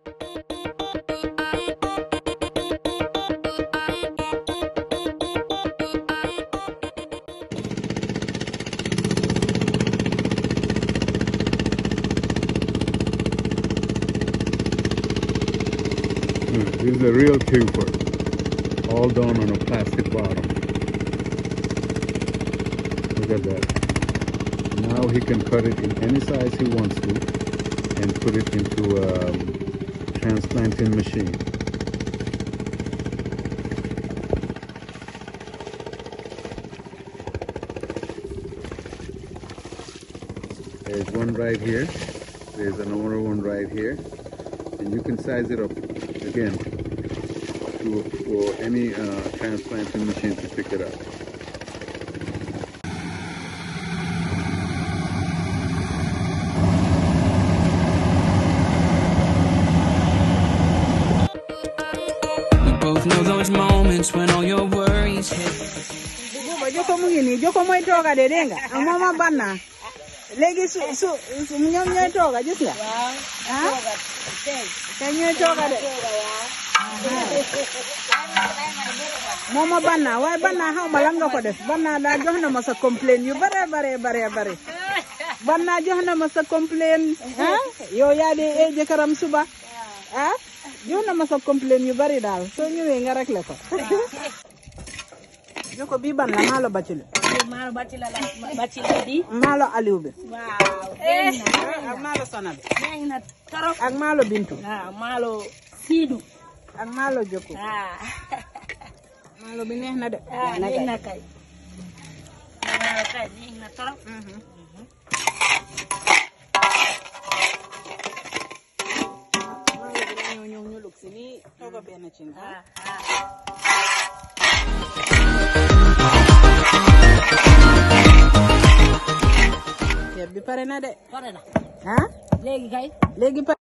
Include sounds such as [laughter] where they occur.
Hmm, this is a real cuper, all done on a plastic bottom. Look at that. Now he can cut it in any size he wants to and put it into um, transplanting machine. There's one right here, there's another one right here, and you can size it up again to, for any uh, transplanting machine to pick it up. know those moments when all your worries hit. Yo como yo como droga de denga, Legi su su su droga, yo ah, ah? droga de. Mama bana, why bana how malanga Bana da masa complain you bare bare bare bare. Bana masa complain, Yo ya de eh, karam suba. ah jox ma sa complain yu bari daal soo ñëwee nga réglé ko. [laughs] joko ban la maalo bacile maalo bacile la bi maalo aliou bi waaw eh, ak maalo sana bi ak maalo bintu waaw maalo siidu ak ah. [laughs] bi ಹೋಗೋ ಬೇನೆ ಚಿಂದ lebih pare na de pare na ha eh? legi kay legi